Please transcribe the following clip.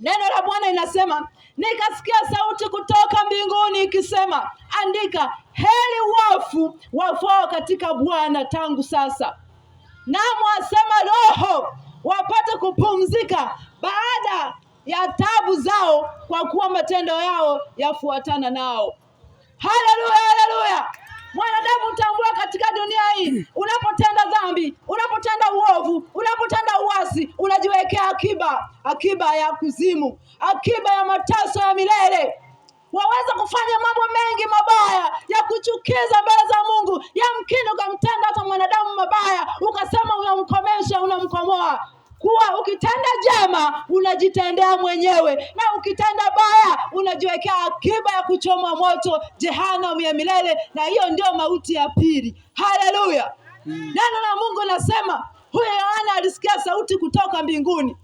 Neno la Bwana inasema nikasikia sauti kutoka mbinguni ikisema, andika, heri wafu wafao katika Bwana tangu sasa, namo asema Roho wapate kupumzika baada ya tabu zao, kwa kuwa matendo yao yafuatana nao. Haleluya, haleluya! Mwanadamu, utambua katika dunia hii, unapotenda dhambi, unapotenda uovu, unapotenda akiba, akiba ya kuzimu, akiba ya mateso ya milele. Waweza kufanya mambo mengi mabaya ya kuchukiza mbele za Mungu, yamkini ukamtenda hata mwanadamu mabaya, ukasema unamkomesha, unamkomoa kuwa ukitenda jema unajitendea mwenyewe, na ukitenda baya unajiwekea akiba ya kuchoma moto jehanamu ya milele, na hiyo ndio mauti ya pili. Haleluya! Neno la Mungu nasema sauti kutoka mbinguni